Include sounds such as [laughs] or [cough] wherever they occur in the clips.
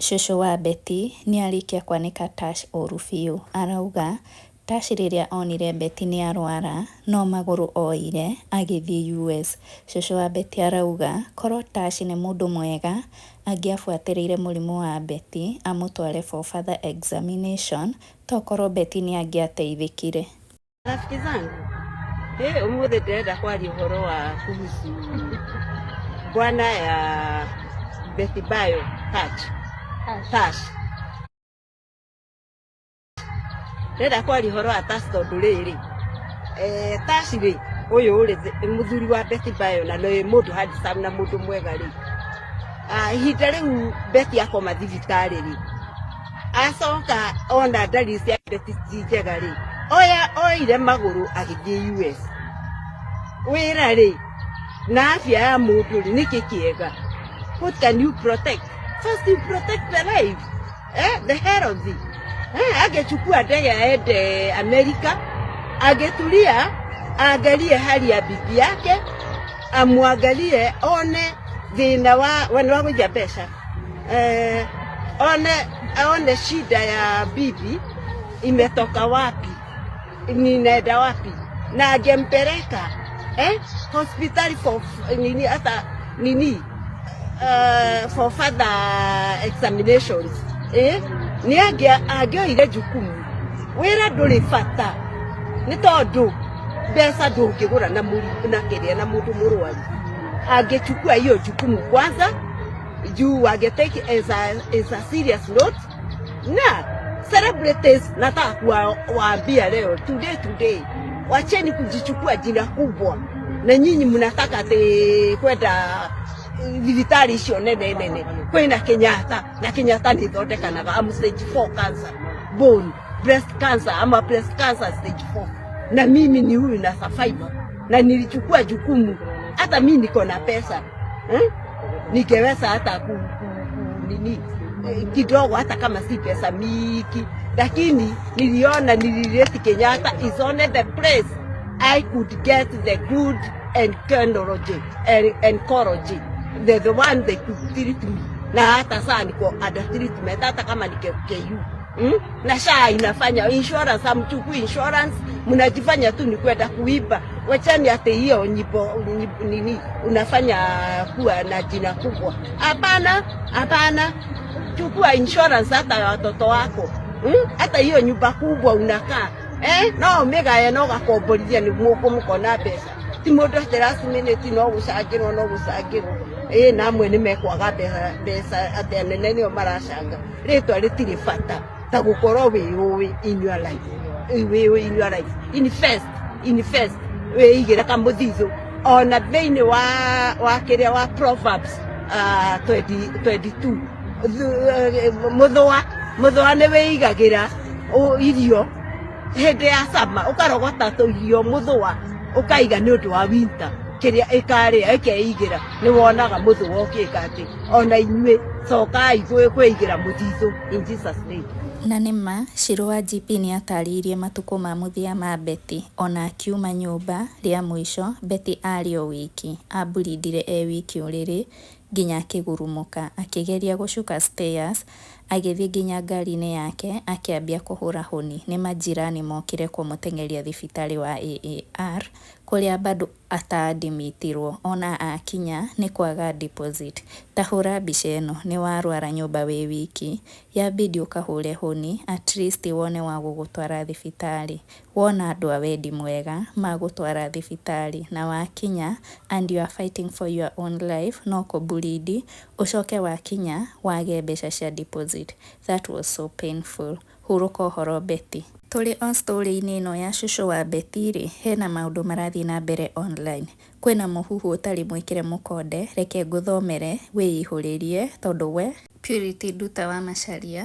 Cũcũ wa Beti nĩarĩkia kwanĩka Tash ũru biũ, arauga Tash rĩrĩa onire Beti nĩarwara no magũrũ oire agĩthiĩ US, cũcũ wa Betty arauga korwo Tash nĩ mũndũ mwega angĩabuatĩrĩire mũrimũ wa Beti amũtware for further examination tokorwo Beti nĩangĩateithĩkire. Rafiki zangu, hii umuthi ndĩrenda kwaria ũhoro wa kuhusu [laughs] bwana ya Betty Bayo Tash pass ndĩrenda kwaria ũhoro wa tas tondũ rĩrĩ eh, Tash rĩ ũyũ rĩ mũthuri wa Betty Bayo na nĩ mũndũ handsome na mũndũ mwega rĩ ihinda rĩu Betty akoma thibitarĩ rĩ acoka ona ndariri cia Betty ti njega rĩ oya oire magũrũ agĩthiĩ US wĩra rĩ na afya ya mũndũ rĩ nĩkĩ kĩega what can you protect first you protect the life eh, the health eh, angechukua ndege aende Amerika, angetulia, angalie hali ya bibi yake, amwangalie, one thina wa wana wa kuja pesa eh, one aone shida ya bibi imetoka wapi, ninaenda wapi, na angempeleka eh, hospitali kwa nini hata nini uh, for further examinations eh ni angioire jukumu wira nduri bata ni tondu mbeca ndungigura na na kiria na mundu murwaru angechukua hiyo jukumu kwanza juu take as a, as a serious note na celebrities nataka kuwaambia leo today today wacheni kujichukua jina kubwa na nyinyi mnataka ati kwenda thibitarä icio nene nene kwina kinyata na Kenyatta nä ithondekanaga am stage 4 cancer bone breast cancer ama breast cancer stage 4 na mimi ni huyu na survivor na nilichukua jukumu hata mimi niko na pesa hmm? Eh? nikeweza hata ku, nini eh, kidogo hata kama si pesa miki lakini niliona nilileti Kenyatta is only the place I could get the good and endocrinology and, and the, the one that could treat me, na hata saa niko under treatment, hata kama niko KU mm? na shaa inafanya insurance, amchuku insurance, mnajifanya tu ni kwenda kuiba. Wachani ate hiyo nyipo nini unafanya kuwa na jina kubwa. Hapana, hapana, chukua insurance hata ya watoto wako mm? hata hiyo nyumba kubwa unakaa eh? no megaya no gakomborithia ni muko mko na mbeca ti mundu ati last no gucangirwo no gucangirwo ii na amwe ni mekwaga mbeca ati anene nio maracanga ritwa ritiri bata ta gukorwo wiui in your life wiui in your life invest invest wiigire kamuthiithu ona thiini wa wa kiria wa proverbs uh, 20, 22 muthwa muthwa ni wiigagira irio hindi ya sama ukarogota tuirio muthwa ukaiga ni undu wa winter kiria ikaria ikeigira ni wonaga muthu wokika ati ona inyue cokai kwigira mutithu in Jesus name na nä ma Shirũ wa GP nĩatarĩirie matukå ma mũthia ma Beti ona akiuma nyũmba rĩa mũico Beti arĩ o wiki amburindire e wiki ũrĩrĩ nginya akĩgurumũka akĩgeria gũcuka stairs agĩthiĩ nginya ngari-inĩ yake akĩambia kũhũra honi nĩ majirani mokire kũmũteng'eria thibitarĩ wa AAR kũrĩa bado ataadmittirwo ona akinya ni kwaga deposit ta hũra mbica ĩno nĩ warwara nyũmba wĩ wiki, yabidi huni at least wone wa gũgũtwara thibitari wona andũ a wendi mwega magũtwara thibitari na wakinya and you are fighting for your own life no kũ bleed wakinya wage mbeca cia deposit that was so painful hurũka ũhorobeti. Tũrĩ o story-inĩ no ya shusho wa Beti rĩ, hena maũndũ marathi na mbere online. Kwĩna mũhuhu ũtarĩ mwĩkĩre mũkonde, reke ngũthomere, wĩihũrĩrie, tondu we Purity Nduta wa Macharia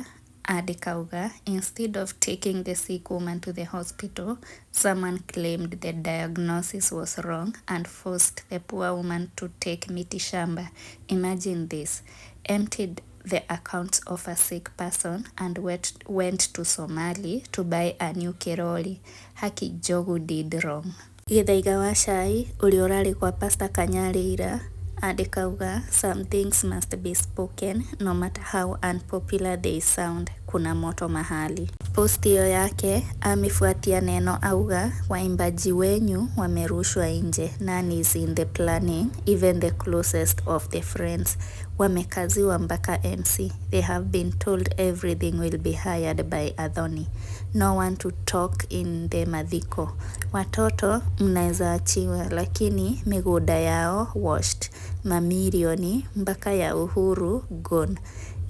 andĩkauga instead of taking the sick woman to the hospital, someone claimed the diagnosis was wrong and forced the poor woman to take mitishamba Imagine this, emptied the account of a sick person and went, went to Somali to buy a new keroli. Haki Jogu did wrong. Githaiga wa cai ũrĩa ũrarĩ kwa pasta Kanyari ira andĩkauga some things must be spoken no matter how unpopular they sound kuna moto mahali. Posti hiyo yake amefuatia neno auga waimbaji wenyu wamerushwa nje, nani is in the planning even the closest of the friends. Wamekaziwa mpaka MC, they have been told everything will be hired by Adoni, no one to talk in the madhiko. Watoto mnaweza achiwa, lakini migunda yao washed, mamilioni mpaka ya uhuru gone.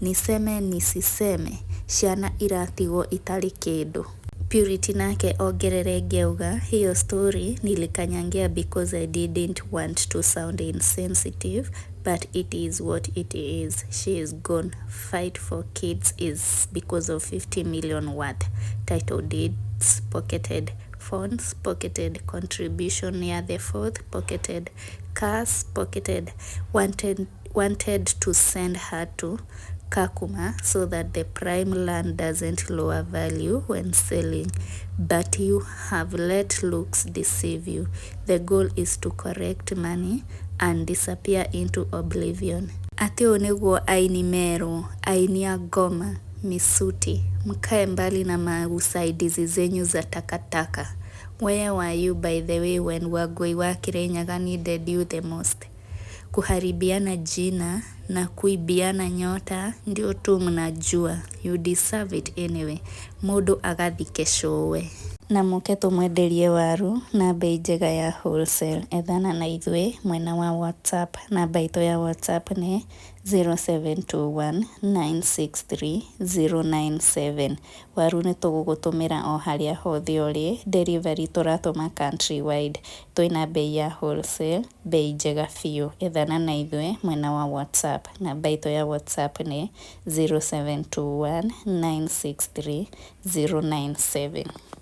Niseme nisiseme ciana iratigwo itarĩ kĩndũ Purity nake ongerere ngeuga hiyo story nilikanyangia because I didn't want to sound insensitive but it is what it is she is gone fight for kids is because of 50 million worth title deeds pocketed phones pocketed contribution near the fourth pocketed cars pocketed wanted wanted to send her to Kakuma so that the prime land doesn't lower value when selling but you have let looks deceive you the goal is to correct money and disappear into oblivion Ati oneguo aini meru, aini ya goma, misuti mkae mbali na mausaidizi zenyu za takataka where were you by the way when wagoi wa kirinyaga needed you the most kuharibiana jina na kuibiana nyota ndio tu mnajua you deserve it anyway. Mundu agathi keshowe na mũke tũmwenderie waru na mbei njega ya wholesale. Ethana na ithuĩ mwena wa WhatsApp, namba itũ ya WhatsApp nĩ 0721963097. Waru nĩ tũgũgũtũmĩra o harĩa hothe ũrĩ, delivery tũratũma country wide. Twĩna bei ya wholesale, bei njega biũ. Ethana na ithuĩ mwena wa WhatsApp, namba itũ ya WhatsApp nĩ 0721963097.